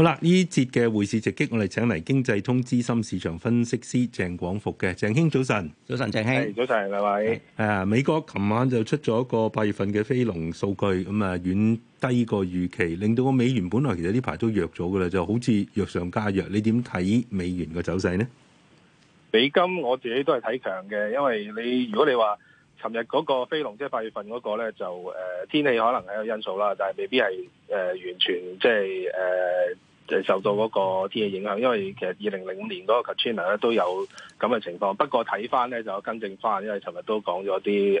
好啦，呢節嘅匯市直擊，我哋請嚟經濟通資深市場分析師鄭廣復嘅鄭兄，早晨！早晨，鄭兄，早晨，兩位。誒、啊，美國琴晚就出咗一個八月份嘅非農數據，咁啊遠低過預期，令到個美元本來其實呢排都弱咗噶啦，就好似弱上加弱。你點睇美元嘅走勢呢？美金我自己都係睇強嘅，因為你如果你話琴日嗰個非農即係八月份嗰個咧，就誒、呃、天氣可能係一個因素啦，但係未必係誒、呃、完全即係誒。就是呃誒受到嗰個天氣影響，因為其實二零零五年嗰個 Katrina 都有咁嘅情況。不過睇翻咧就更正翻，因為尋日都講咗啲誒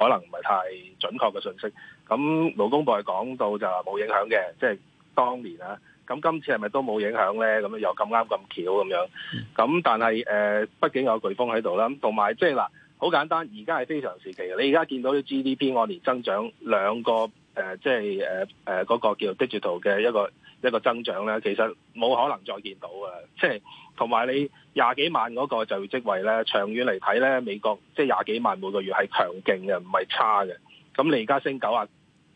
可能唔係太準確嘅信息。咁勞工部係講到就話冇影響嘅，即係當年啦。咁今次係咪都冇影響咧？咁樣又咁啱咁巧咁樣。咁但係誒，畢竟有颶風喺度啦。同埋即係嗱，好簡單，而家係非常時期。你而家見到啲 GDP 按年增長兩個誒，即係誒誒嗰個叫 digital 嘅一個。一個增長咧，其實冇可能再見到嘅，即係同埋你廿幾萬嗰個就職位咧，長遠嚟睇咧，美國即係廿幾萬每個月係強勁嘅，唔係差嘅。咁你而家升九啊？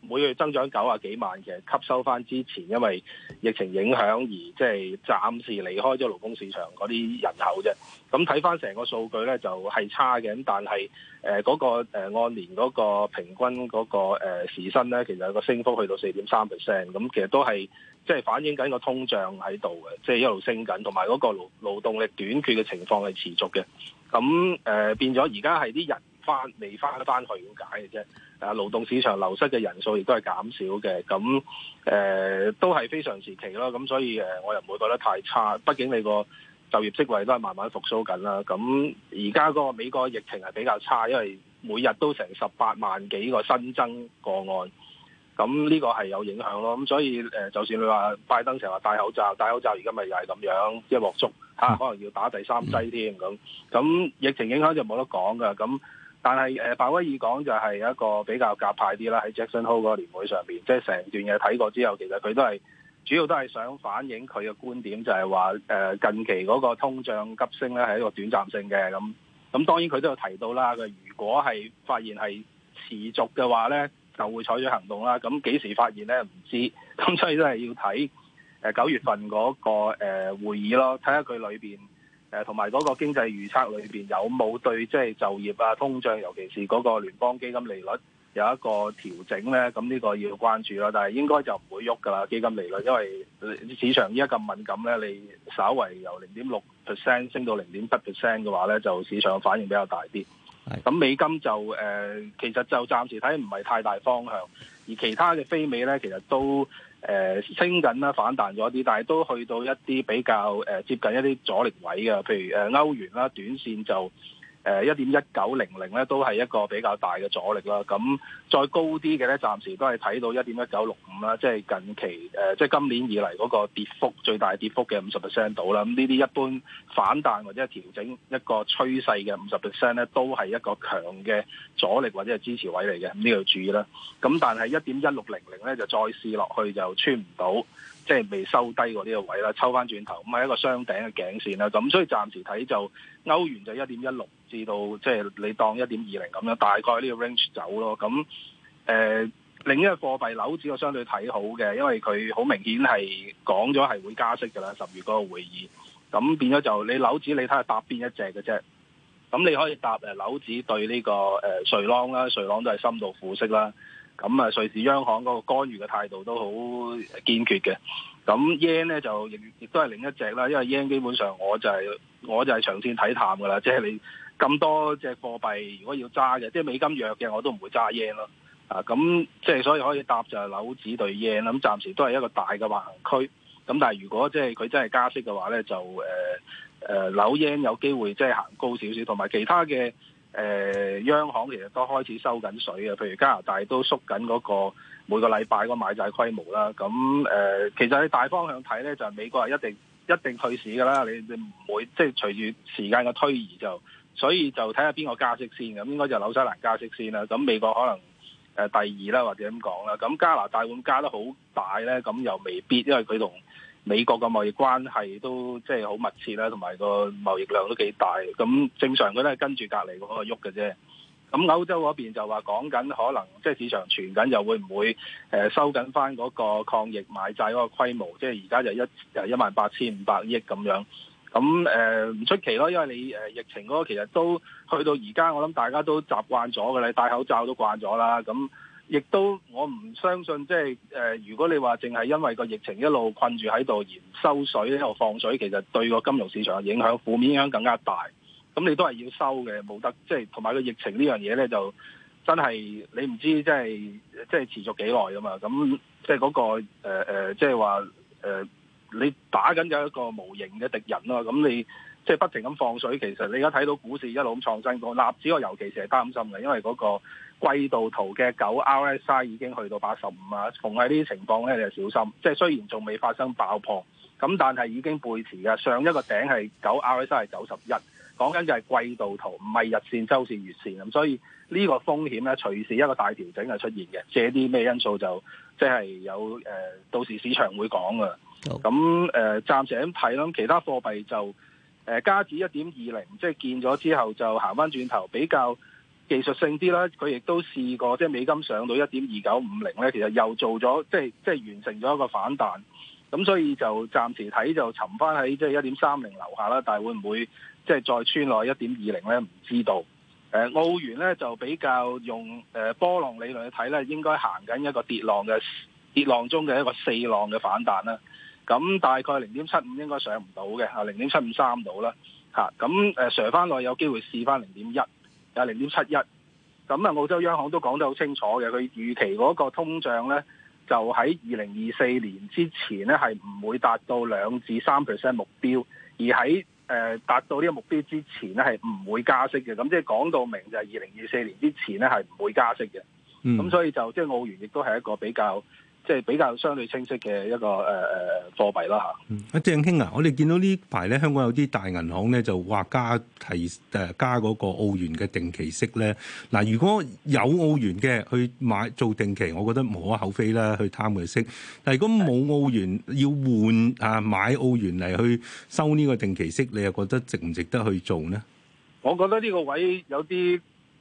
每月增長九啊幾萬，其實吸收翻之前因為疫情影響而即係暫時離開咗勞工市場嗰啲人口啫。咁睇翻成個數據咧，就係、是、差嘅。咁但係誒嗰個按、呃、年嗰個平均嗰、那個誒、呃、時薪咧，其實有個升幅去到四點三 percent。咁其實都係即係反映緊個通脹喺度嘅，即、就、係、是、一路升緊，同埋嗰個勞動動力短缺嘅情況係持續嘅。咁誒、呃、變咗而家係啲人。翻未翻得翻去咁解嘅啫，啊，勞動市場流失嘅人數亦都係減少嘅，咁誒、呃、都係非常時期咯，咁所以誒我又唔會覺得太差，畢竟你個就業職位都係慢慢復甦緊啦，咁而家嗰個美國疫情係比較差，因為每日都成十八萬幾個新增個案，咁呢個係有影響咯，咁所以誒，就算你話拜登成日話戴口罩，戴口罩而家咪又係咁樣一落足嚇、啊，可能要打第三劑添咁，咁疫情影響就冇得講噶，咁。但係誒、呃，鮑威爾講就係一個比較鴿派啲啦，喺 Jackson Hole 嗰個年會上面，即係成段嘢睇過之後，其實佢都係主要都係想反映佢嘅觀點就，就係話誒近期嗰個通脹急升咧係一個短暫性嘅咁，咁當然佢都有提到啦，佢如果係發現係持續嘅話咧，就會採取行動啦。咁幾時發現咧唔知，咁所以都係要睇九、呃、月份嗰、嗰個誒、呃、會議咯，睇下佢裏面。誒同埋嗰個經濟預測裏面，有冇對即係就業啊、通脹，尤其是嗰個聯邦基金利率有一個調整咧？咁、這、呢個要關注啦。但係應該就唔會喐㗎啦，基金利率，因為市場依家咁敏感咧，你稍為由零點六 percent 升到零點七 percent 嘅話咧，就市場反應比較大啲。係咁，美金就、呃、其實就暫時睇唔係太大方向，而其他嘅非美咧，其實都。誒、呃、升緊啦，反彈咗啲，但係都去到一啲比較誒、呃、接近一啲阻力位嘅，譬如誒呃、歐元啦，短線就。誒一點一九零零咧，都係一個比較大嘅阻力啦。咁再高啲嘅咧，暫時都係睇到一點一九六五啦。即係近期誒，即係今年以嚟嗰個跌幅最大跌幅嘅五十 percent 到啦。咁呢啲一般反彈或者係調整一個趨勢嘅五十 percent 咧，都係一個強嘅阻力或者係支持位嚟嘅。咁呢度注意啦。咁但係一點一六零零咧，就再試落去就穿唔到。即係未收低過呢個位啦，抽翻轉頭，咁係一個雙頂嘅頸線啦。咁所以暫時睇就歐元就一點一六至到即係你當一點二零咁樣，大概呢個 range 走咯。咁誒、呃、另一個貨幣樓指我相對睇好嘅，因為佢好明顯係講咗係會加息㗎啦，十月嗰個會議。咁變咗就你樓指你睇下搭邊一隻嘅啫。咁你可以搭誒樓指對呢個誒瑞朗啦，瑞朗都係深度負息啦。咁啊，瑞士央行嗰個干預嘅態度都好堅決嘅。咁 yen 咧就亦亦都係另一隻啦，因為 yen 基本上我就係、是、我就係長線睇淡噶啦，即、就、係、是、你咁多隻貨幣如果要揸嘅，即係美金弱嘅我都唔會揸 yen 咯。啊，咁即係所以可以搭就係樓指對 yen，咁暫時都係一個大嘅橫行區。咁但係如果即係佢真係加息嘅話咧，就誒誒樓 yen 有機會即係行高少少，同埋其他嘅。誒、呃、央行其實都開始收緊水嘅，譬如加拿大都縮緊嗰個每個禮拜個買債規模啦。咁誒、呃，其實你大方向睇咧，就係、是、美國係一定一定退市㗎啦。你你唔會即係、就是、隨住時間嘅推移就，所以就睇下邊個加息先。咁應該就紐西蘭加息先啦。咁美國可能誒第二啦，或者咁講啦。咁加拿大會唔會加得好大咧？咁又未必，因為佢同。美國嘅貿易關係都即係好密切啦，同埋個貿易量都幾大。咁正常佢都係跟住隔離嗰個喐嘅啫。咁歐洲嗰邊就話講緊可能即係市場傳緊又會唔會誒收緊翻嗰個抗疫買債嗰個規模，即係而家就一就一萬八千五百億咁樣。咁誒唔出奇咯，因為你誒疫情嗰個其實都去到而家，我諗大家都習慣咗㗎啦，戴口罩都慣咗啦。咁亦都我唔相信，即係誒、呃，如果你話淨係因為個疫情一路困住喺度，而唔收水一路放水，其實對個金融市場嘅影響負面影響更加大。咁你都係要收嘅，冇得即係同埋個疫情呢樣嘢咧，就真係你唔知即係即係持續幾耐噶嘛。咁即係嗰、那個誒、呃、即係話誒你打緊有一個無形嘅敵人咯。咁你即係不停咁放水，其實你而家睇到股市一路咁創新高，納指我尤其係擔心嘅，因為嗰、那個。季度圖嘅九 RSI 已經去到八十五啊，逢喺呢啲情況咧，你就小心。即係雖然仲未發生爆破，咁但係已經背持馳嘅。上一個頂係九 RSI 係九十一，講緊就係季度圖，唔係日線、週線、月線咁。所以呢個風險咧，隨時一個大調整係出現嘅。借啲咩因素就即係、就是、有誒，到時市場會講㗎。咁誒、呃、暫時咁睇啦。其他貨幣就誒、呃、加止至一點二零，即係見咗之後就行返轉頭比較。技術性啲啦，佢亦都試過，即係美金上到一點二九五零咧，其實又做咗，即係即係完成咗一個反彈。咁所以就暫時睇就尋翻喺即係一點三零樓下啦。但係會唔會即係再穿落一點二零咧？唔知道。誒澳元咧就比較用誒波浪理論去睇咧，應該行緊一個跌浪嘅跌浪中嘅一個四浪嘅反彈啦。咁大概零點七五應該上唔到嘅，嚇零點七五三到啦，咁上翻落有機會試翻零點一。有零點七一，咁啊澳洲央行都講得好清楚嘅，佢預期嗰個通脹咧就喺二零二四年之前咧係唔會達到兩至三 percent 目標，而喺誒達到呢個目標之前咧係唔會加息嘅，咁即係講到明就係二零二四年之前咧係唔會加息嘅，咁、嗯、所以就即係、就是、澳元亦都係一個比較。即、就、係、是、比較相對清晰嘅一個誒誒貨幣啦吓，鄭、呃、兄、呃、啊，我哋見到呢排咧，香港有啲大銀行咧就話加提加嗰個澳元嘅定期息咧。嗱，如果有澳元嘅去買做定期，我覺得無可厚非啦，去貪佢息。但係如果冇澳元要換啊買澳元嚟去收呢個定期息，你又覺得值唔值得去做呢？我覺得呢個位有啲。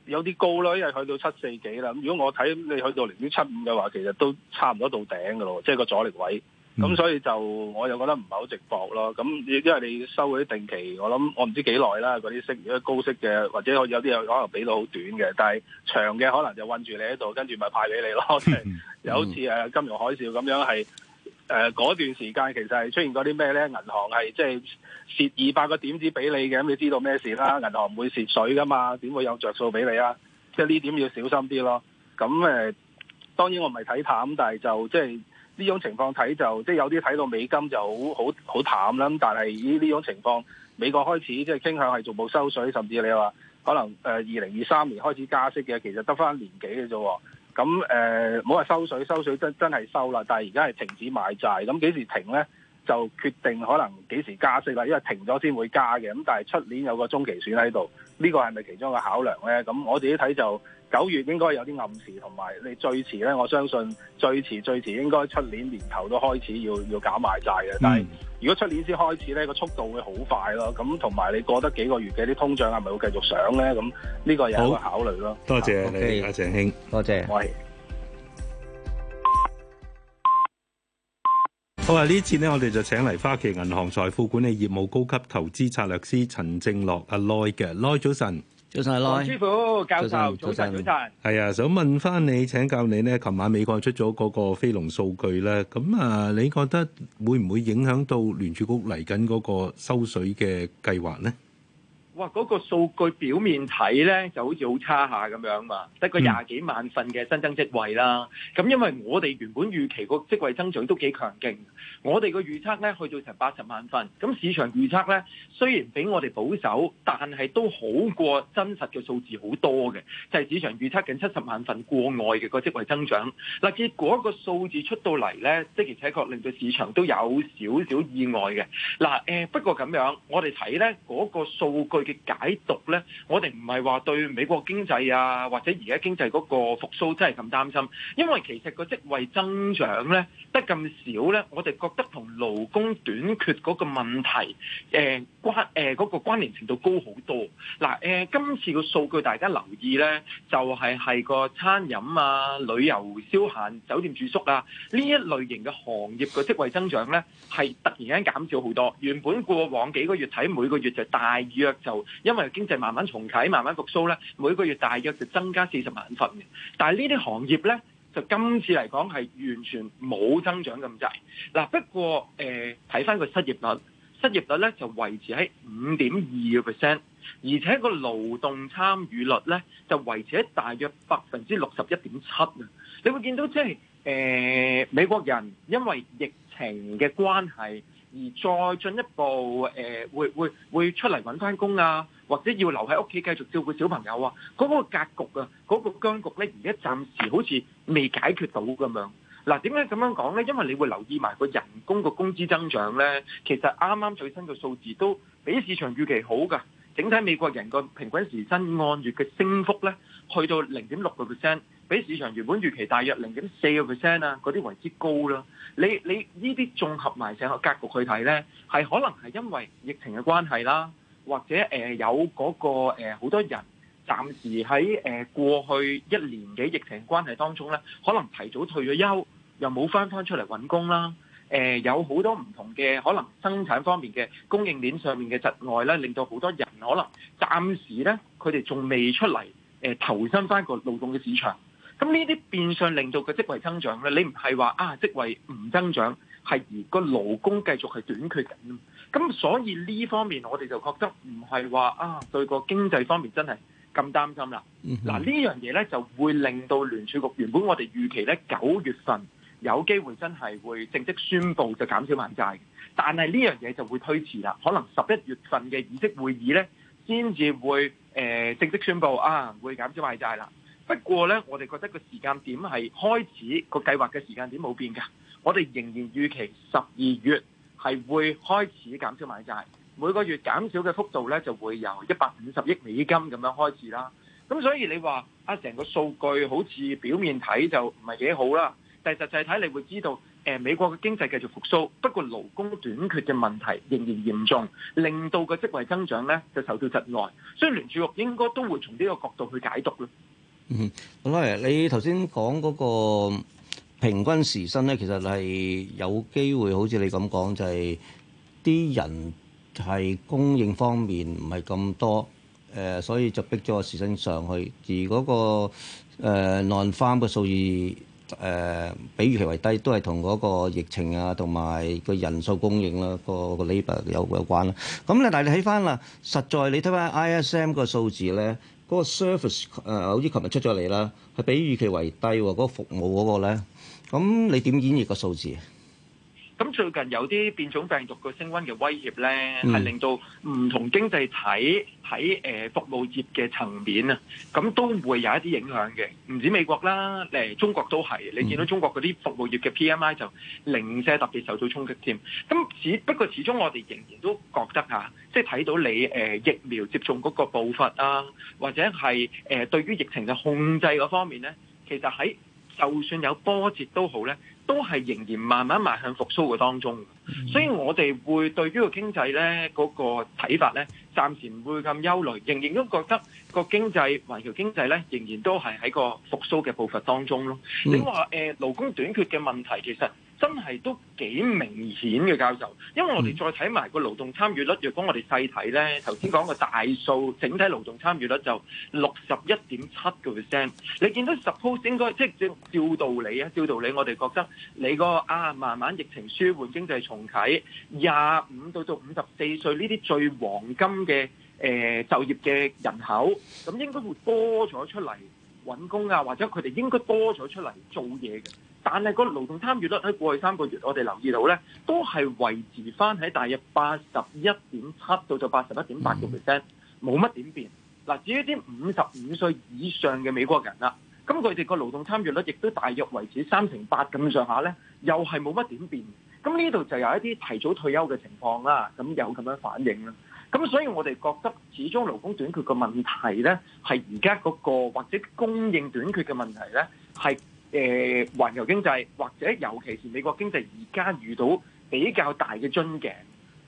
有啲高啦，因為去到七四幾啦。咁如果我睇你去到零點七五嘅話，其實都差唔多到頂嘅咯，即係個阻力位。咁、嗯、所以就我又覺得唔係好值博咯。咁因為你收嗰啲定期，我諗我唔知幾耐啦。嗰啲息如果高息嘅，或者有啲有可能俾到好短嘅，但係長嘅可能就困住你喺度，跟住咪派俾你咯。即、嗯 嗯、有好似金融海嘯咁樣係。誒、呃、嗰段時間其實係出現嗰啲咩咧？銀行係即係蝕二百個點子俾你嘅，咁你知道咩事啦？銀行唔會蝕水噶嘛，點會有着數俾你啊？即係呢點要小心啲咯。咁誒、呃，當然我唔係睇淡，但係就即係呢種情況睇就即係有啲睇到美金就好好好淡啦。咁但係呢種情況，美國開始即係傾向係逐步收水，甚至你話可能誒二零二三年開始加息嘅，其實得返年幾嘅啫。咁誒，冇、呃、話收水，收水真真係收啦，但係而家係停止買債，咁幾時停呢？就決定，可能幾時加息啦，因為停咗先會加嘅，咁但係出年有個中期選喺度，呢、呢個係咪其中一個考量呢？咁我自己睇就。九月應該有啲暗示，同埋你最遲咧，我相信最遲最遲應該出年年頭都開始要要減買債嘅。但係如果出年先開始咧，個速度會好快咯。咁同埋你過得幾個月嘅啲通脹係咪會繼續上咧？咁呢個有一個考慮咯。多謝你 okay，啊，鄭興。多謝。喂。好啊，呢次呢，我哋就請嚟花旗銀行財富管理業務高級投資策略師陳正犖阿 Lo 嘅 Lo，早晨。早晨，廣復、教授，早晨，早晨。係啊，想問翻你請教你咧，琴晚美國出咗嗰個非農數據咧，咁啊，你覺得會唔會影響到聯儲局嚟緊嗰個收水嘅計劃咧？哇！嗰個數據表面睇咧，就好似好差下咁樣嘛，得個廿幾萬份嘅新增職位啦。咁因為我哋原本預期個職位增長都幾強勁，我哋個預測咧去到成八十萬份。咁市場預測咧雖然比我哋保守，但係都好過真實嘅數字好多嘅。就係市場預測緊七十萬份過外嘅個職位增長。嗱，結果個數字出到嚟咧，的而且確令到市場都有少少意外嘅。嗱，誒不過咁樣，我哋睇咧嗰個數據，嘅解讀咧，我哋唔係話對美國經濟啊，或者而家經濟嗰個復甦真係咁擔心，因為其實個職位增長咧得咁少咧，我哋覺得同勞工短缺嗰個問題嗰、呃關呃嗰個關聯程度高好多。嗱、呃、今次個數據大家留意咧，就係、係、係個餐飲啊、旅遊消閒、酒店住宿啊呢一類型嘅行業嘅職位增長咧，係突然間減少好多。原本過往幾個月睇，每個月就大約就因為經濟慢慢重啟、慢慢復甦咧，每個月大約就增加四十萬份嘅。但係呢啲行業咧，就今次嚟講係完全冇增長咁滯。嗱，不過誒，睇、呃、翻個失業率，失業率咧就維持喺五點二個 percent，而且個勞動參與率咧就維持喺大約百分之六十一點七啊。你會見到即係誒，美國人因為疫情嘅關係。而再進一步，誒、呃、會會會出嚟揾翻工啊，或者要留喺屋企繼續照顧小朋友啊，嗰、那個格局啊，嗰、那個僵局咧，而家暫時好似未解決到咁樣。嗱、啊，點解咁樣講咧？因為你會留意埋個人工個工資增長咧，其實啱啱最新嘅數字都比市場預期好㗎。整體美國人個平均時薪按月嘅升幅咧。去到零點六個 percent，比市場原本預期大約零點四個 percent，啊，嗰啲為之高啦。你你呢啲綜合埋成個格局去睇咧，係可能係因為疫情嘅關係啦，或者誒有嗰個誒好多人暫時喺誒過去一年幾疫情關係當中咧，可能提早退咗休，又冇返返出嚟揾工啦。誒有好多唔同嘅可能生產方面嘅供應鏈上面嘅窒礙咧，令到好多人可能暫時咧佢哋仲未出嚟。誒、呃、投身翻個勞動嘅市場，咁呢啲變相令到個職位增長咧。你唔係話啊職位唔增長，係而個勞工繼續係短缺緊。咁所以呢方面我哋就覺得唔係話啊對個經濟方面真係咁擔心啦。嗱、mm -hmm. 啊、呢樣嘢咧就會令到聯儲局原本我哋預期咧九月份有機會真係會正式宣布就減少買債，但係呢樣嘢就會推遲啦。可能十一月份嘅議息會議咧先至會。誒、呃、正式宣布啊，會減少買債啦。不過咧，我哋覺得個時間點係開始個計劃嘅時間點冇變㗎。我哋仍然預期十二月係會開始減少買債，每個月減少嘅幅度咧，就會由一百五十億美金咁樣開始啦。咁所以你話啊，成個數據好似表面睇就唔係幾好啦，但係實際睇你會知道。誒，美國嘅經濟繼續復甦，不過勞工短缺嘅問題仍然嚴重，令到個職位增長咧就受到窒礙，所以聯儲局應該都會從呢個角度去解讀咯。嗯，好啦，你頭先講嗰個平均時薪咧，其實係有機會好似你咁講，就係啲人係供應方面唔係咁多，誒，所以就逼咗個時薪上去，而嗰個誒 non-farm 個數字。誒、呃，比預期為低，都係同嗰個疫情啊，同埋個人數供應啦、啊，那個個 labor 有有關啦、啊。咁咧，但係你睇翻啦，實在你睇翻 ISM 個數字咧，嗰、那個 service 誒、呃，好似琴日出咗嚟啦，係比預期為低喎，嗰、那個服務嗰個咧，咁你點演繹個數字？咁最近有啲變種病毒個升溫嘅威脅咧，係令到唔同經濟體喺誒服務業嘅層面啊，咁都會有一啲影響嘅。唔止美國啦，誒中國都係。你見到中國嗰啲服務業嘅 PMI 就零舍特別受到衝擊添。咁只不過始終我哋仍然都覺得啊，即係睇到你誒疫苗接種嗰個步伐啊，或者係誒對於疫情嘅控制嗰方面咧，其實喺就算有波折都好咧。都係仍然慢慢邁向復甦嘅當中，所以我哋會對呢個經濟咧嗰、嗰個睇法咧，暫時唔會咁憂慮，仍然都覺得個經濟、環球經濟咧，仍然都係喺個復甦嘅步伐當中咯。你話、呃、勞工短缺嘅問題其實？真係都幾明顯嘅教授，因為我哋再睇埋個勞動參與率。若果我哋細睇咧，頭先講個大數，整體勞動參與率就六十一點七個 percent。你見到 suppose 應該即係照道理啊，照道理我哋覺得你嗰個啊，慢慢疫情舒緩、經濟重啟，廿五到到五十四歲呢啲最黃金嘅誒就業嘅人口，咁應該會多咗出嚟揾工啊，或者佢哋應該多咗出嚟做嘢嘅。但係個勞動參與率喺過去三個月，我哋留意到咧，都係維持翻喺大約八十一點七到咗八十一點八個 percent，冇乜點變。嗱，至於啲五十五歲以上嘅美國人啦，咁佢哋個勞動參與率亦都大約維持三成八咁上下咧，又係冇乜點變。咁呢度就有一啲提早退休嘅情況啦，咁有咁樣反應啦。咁所以我哋覺得，始終勞工短缺嘅問題咧，係而家嗰個或者供應短缺嘅問題咧，係。誒、呃、環球經濟或者尤其是美國經濟而家遇到比較大嘅樽頸，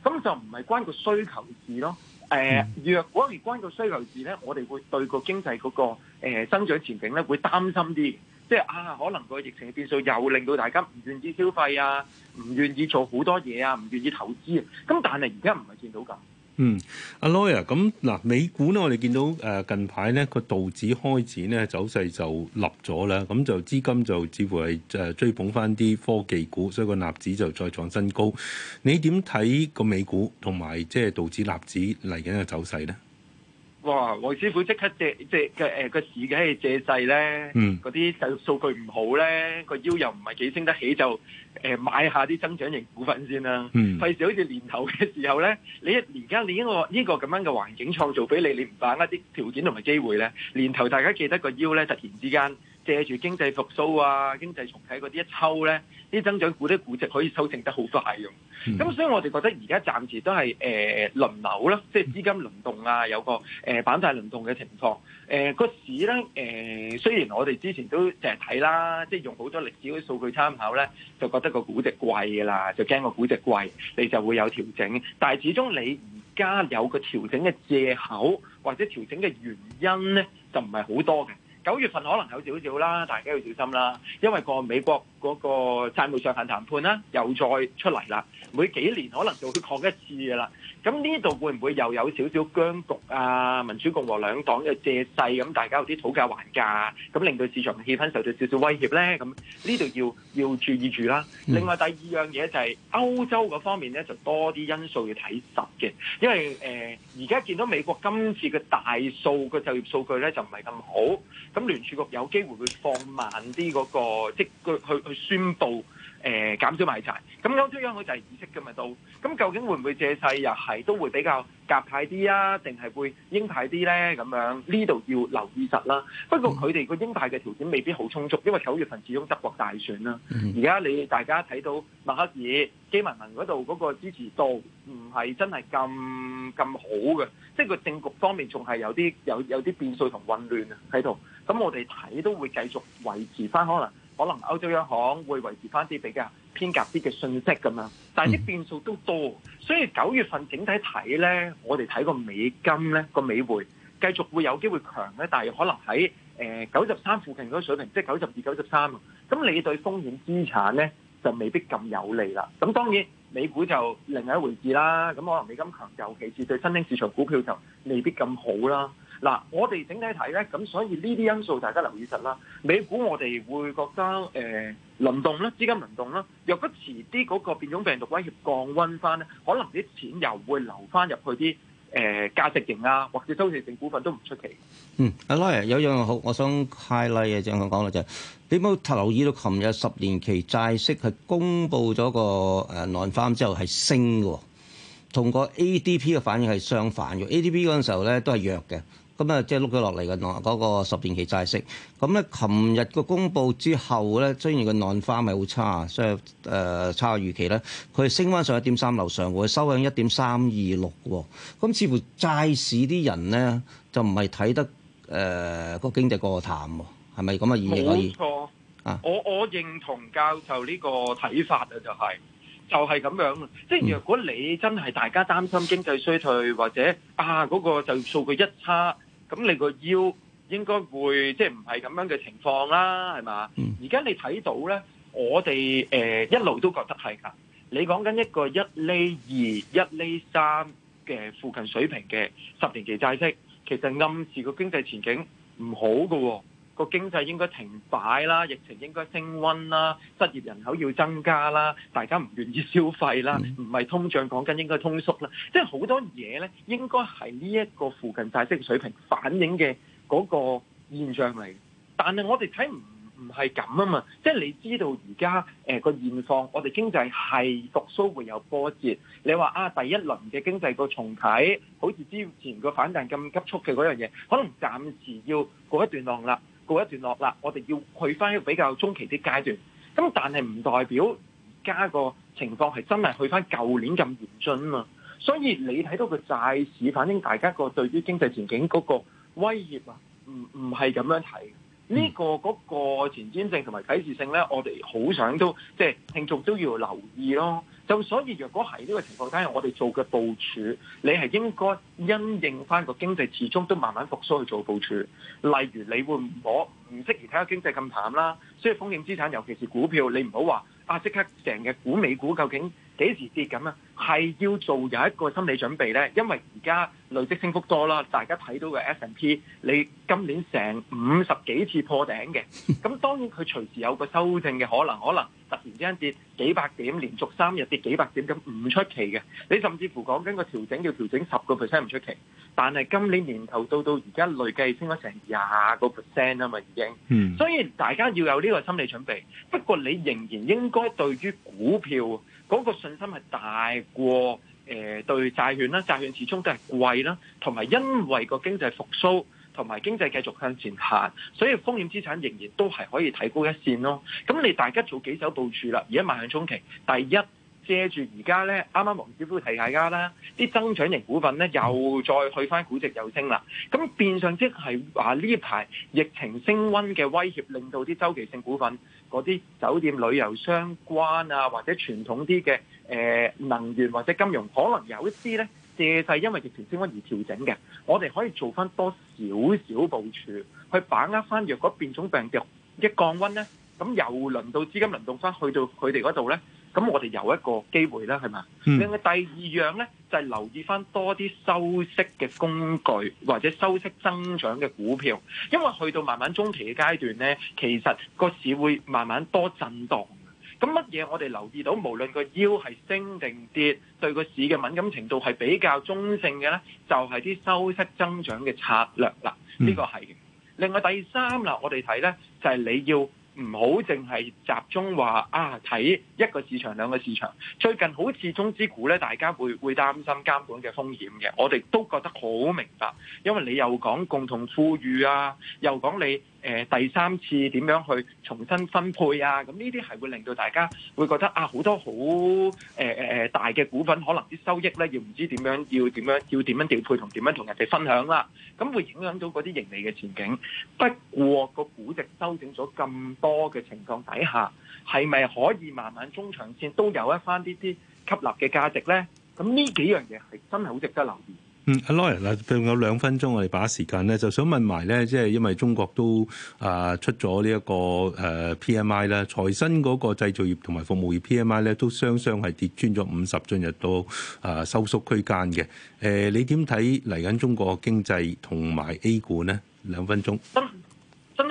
咁就唔係關個需求事咯。誒、呃，若果係關個需求事咧，我哋會對個經濟嗰、個增、呃、長前景咧會擔心啲，即係啊，可能個疫情嘅變數又令到大家唔願意消費啊，唔願意做好多嘢啊，唔願意投資。咁但係而家唔係見到噉。嗯，阿 Loy r 咁，嗱，美股咧，我哋見到、呃、近排咧個道指開始咧走勢就立咗啦，咁就資金就只係、呃、追捧翻啲科技股，所以個立指就再創新高。你點睇個美股同埋即係道指立指嚟緊嘅走勢咧？哇！黃師傅即刻借即嘅誒個市嘅借勢咧，嗰啲就數據唔好咧，個腰又唔係幾升得起，就誒買下啲增長型股份先啦。嗯，費事好似年頭嘅時候咧，你一而家你呢個呢個咁樣嘅環境創造俾你，你唔把握啲條件同埋機會咧，年頭大家記得個腰咧，突然之間。借住經濟復甦啊、經濟重啟嗰啲一抽咧，啲增長股啲估值可以修正得好快嘅。咁所以我哋覺得而家暫時都係誒、呃、輪流啦，即係資金輪動啊，有個誒板塊輪動嘅情況。誒、呃、個市咧誒、呃，雖然我哋之前都成日睇啦，即係用好多歷史嗰啲數據參考咧，就覺得個估值貴㗎啦，就驚個估值貴，你就會有調整。但係始終你而家有個調整嘅借口，或者調整嘅原因咧，就唔係好多嘅。九月份可能有少少啦，大家要小心啦，因為個美國。嗰、那個債務上限談判啦、啊，又再出嚟啦。每幾年可能就會擴一次嘅啦。咁呢度會唔會又有少少僵局啊？民主共和兩黨嘅借勢咁，大家有啲討價還價，咁令到市場嘅氣氛受到少少威脅咧。咁呢度要要注意住啦、嗯。另外第二樣嘢就係歐洲嗰方面咧，就多啲因素要睇實嘅，因為誒而家見到美國今次嘅大數嘅就業數據咧就唔係咁好，咁聯儲局有機會會放慢啲嗰、那個即佢去。去宣布誒、呃、減少買債，咁歐洲央行佢就係意識議息㗎嘛都，咁究竟會唔會借勢又係都會比較鴿派啲啊，定係會鷹派啲咧？咁樣呢度要留意實啦。不過佢哋個鷹派嘅條件未必好充足，因為九月份始終德國大選啦。而家 mm-hmm. 你大家睇到默克爾基民盟嗰度嗰個支持度唔係真係咁咁好嘅，即係個政局方面仲係有啲有有啲變數同混亂啊喺度。咁我哋睇都會繼續維持翻可能。可能歐洲央行會維持翻啲比較偏格啲嘅訊息咁樣，但係啲變數都多，所以九月份整體睇咧，我哋睇個美金咧個美匯繼續會有機會強咧，但係可能喺誒九十三附近嗰水平，即係九十二、九十三啊，咁你對風險資產咧就未必咁有利啦。咁當然美股就另外一回事啦。咁可能美金強，尤其是對新興市場股票就未必咁好啦。嗱，我哋整體睇咧，咁所以呢啲因素大家留意實啦。美股我哋會覺得誒輪動咧，資金輪動啦。若果遲啲嗰個變種病毒威脅降溫翻咧，可能啲錢又會流翻入去啲誒價值型啊，或者週期性股份都唔出奇。嗯，阿 Lawrence 有樣好，我想 highlight 啊，正佢講啦，就係你冇留意到琴日十年期債息係公布咗個誒內翻之後係升嘅，同個 ADP 嘅反應係相反嘅。ADP 嗰陣時候咧都係弱嘅。咁啊，即係碌咗落嚟嘅嗰個十年期債息。咁咧，琴日個公佈之後咧，雖然個浪花咪好差，所以誒差預期咧，佢升翻上一點三樓上，佢收響一點三二六。咁似乎債市啲人咧就唔係睇得誒、呃嗰個經濟過淡喎，係咪咁嘅意義可以？冇錯啊！我我認同教授呢個睇法啊、就係，就係就係咁樣。即係如果你真係大家擔心經濟衰退或者啊嗰、嗰個就業數據一差。咁你個腰應該會，即係唔係咁樣嘅情況啦，係嘛？而、嗯、家你睇到咧，我哋誒、呃、一路都覺得係噶。你講緊一個一厘二、一厘三嘅附近水平嘅十年期債息，其實暗示個經濟前景唔好㗎喎、哦。個經濟應該停擺啦，疫情應該升溫啦，失業人口要增加啦，大家唔願意消費啦，唔、嗯、係通脹講緊應該通縮啦，即係好多嘢咧應該係呢一個附近債息水平反映嘅嗰個現象嚟。但係我哋睇唔唔係咁啊嘛，即係你知道而家誒個現況、呃，我哋經濟係復甦會有波折。你話啊，第一輪嘅經濟個重啟，好似之前個反彈咁急速嘅嗰樣嘢，可能暫時要過一段浪啦。告一段落啦，我哋要去翻一個比較中期啲階段，咁但係唔代表而家個情況係真係去翻舊年咁嚴峻啊嘛，所以你睇到個債市，反正大家個對於經濟前景嗰個威脅啊，唔唔係咁樣睇。呢、嗯這個嗰、那個前瞻性同埋啟示性咧，我哋好想都即係、就是、聽眾都要留意咯。就所以，若果係呢個情況底下，我哋做嘅部署，你係應該因應返個經濟始終都慢慢復甦去做部署。例如，你會攞唔識其他經濟咁淡啦，所以風險資產，尤其是股票，你唔好話啊，即刻成日估美股究竟幾時跌咁啊？係要做有一個心理準備咧，因為而家。累積升幅多啦，大家睇到嘅 S&P，你今年成五十幾次破頂嘅，咁當然佢隨時有個修正嘅可能，可能突然之間跌幾百點，連續三日跌幾百點，咁唔出奇嘅。你甚至乎講緊個調整要調整十個 percent 唔出奇，但係今年年頭到到而家累計升咗成廿個 percent 啊嘛已經、嗯，所以大家要有呢個心理準備。不過你仍然應該對於股票嗰個信心係大過。誒對債券啦，債券始終都係貴啦，同埋因為個經濟復甦，同埋經濟繼續向前行，所以風險資產仍然都係可以睇高一線咯。咁你大家做幾手部署啦？而家邁向中期，第一。借住而家咧，啱啱黃師傅提下大家啦，啲增長型股份咧又再去翻估值又升啦。咁變相即係話呢排疫情升溫嘅威脅，令到啲周期性股份嗰啲酒店、旅遊相關啊，或者傳統啲嘅、呃、能源或者金融，可能有一啲咧借勢因為疫情升溫而調整嘅。我哋可以做翻多少少部署，去把握翻若果變種病毒一降溫咧，咁又輪到資金輪動翻去到佢哋嗰度咧。咁我哋有一個機會啦，係嘛、嗯？另外第二樣咧，就係、是、留意翻多啲收息嘅工具，或者收息增長嘅股票，因為去到慢慢中期嘅階段咧，其實個市會慢慢多震盪。咁乜嘢我哋留意到，無論個 yield 係升定跌，對個市嘅敏感程度係比較中性嘅咧，就係、是、啲收息增長嘅策略啦。呢、這個係、嗯。另外第三啦，我哋睇咧就係、是、你要。唔好淨係集中話啊，睇一個市場、兩個市場。最近好似中資股咧，大家會會擔心監管嘅風險嘅。我哋都覺得好明白，因為你又講共同富裕啊，又講你。誒、呃、第三次點樣去重新分配啊？咁呢啲係會令到大家會覺得啊，好多好誒、呃呃、大嘅股份，可能啲收益咧要唔知點樣，要點樣，要點樣調配同點樣同人哋分享啦、啊？咁會影響到嗰啲盈利嘅前景。不過個估值修正咗咁多嘅情況底下，係咪可以慢慢中長線都有一番呢啲吸納嘅價值咧？咁呢幾樣嘢係真係好值得留意。嗯，阿 Lawrence 仲有兩分鐘，我哋把時間咧，就想問埋咧，即係因為中國都啊出咗呢一個誒 P M I 啦，財新嗰個製造業同埋服務業 P M I 咧都雙雙係跌穿咗五十，進入到啊收縮區間嘅。誒，你點睇嚟緊中國經濟同埋 A 股咧？兩分鐘。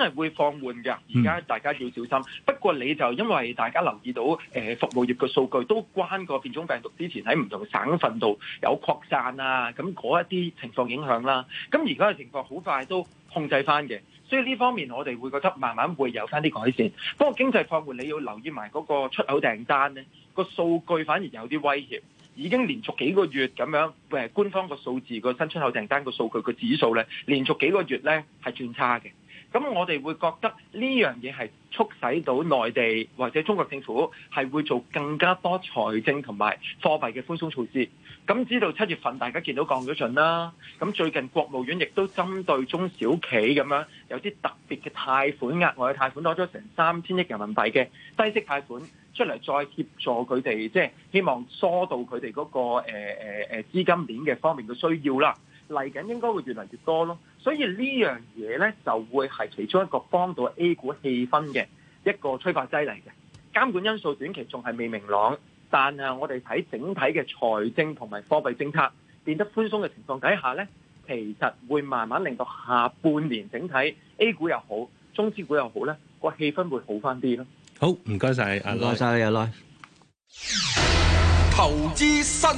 真係會放緩嘅，而家大家要小心。不過你就因為大家留意到，誒、呃、服務業嘅數據都關過變種病毒之前喺唔同省份度有擴散啊，咁嗰一啲情況影響啦、啊。咁而家嘅情況好快都控制翻嘅，所以呢方面我哋會覺得慢慢會有翻啲改善。不過經濟放緩，你要留意埋嗰個出口訂單咧，個數據反而有啲威脅。已經連續幾個月咁樣，誒、呃、官方個數字個新出口訂單個數據、個指數咧，連續幾個月咧係轉差嘅。咁我哋會覺得呢樣嘢係促使到內地或者中國政府係會做更加多財政同埋貨幣嘅寬鬆措施。咁知道七月份大家見到降咗準啦，咁最近國務院亦都針對中小企咁樣有啲特別嘅貸款額外嘅貸款攞咗成三千億人民幣嘅低息貸款出嚟，再協助佢哋，即係希望疏導佢哋嗰個誒誒資資金鏈嘅方面嘅需要啦。嚟緊應該會越嚟越多咯，所以呢樣嘢呢就會係其中一個幫到 A 股氣氛嘅一個催化劑嚟嘅。監管因素短期仲係未明朗，但係我哋睇整體嘅財政同埋貨幣政策變得寬鬆嘅情況底下呢，其實會慢慢令到下半年整體 A 股又好，中資股又好呢個氣氛會好返啲咯。好，唔該晒，阿羅生你有耐。投資新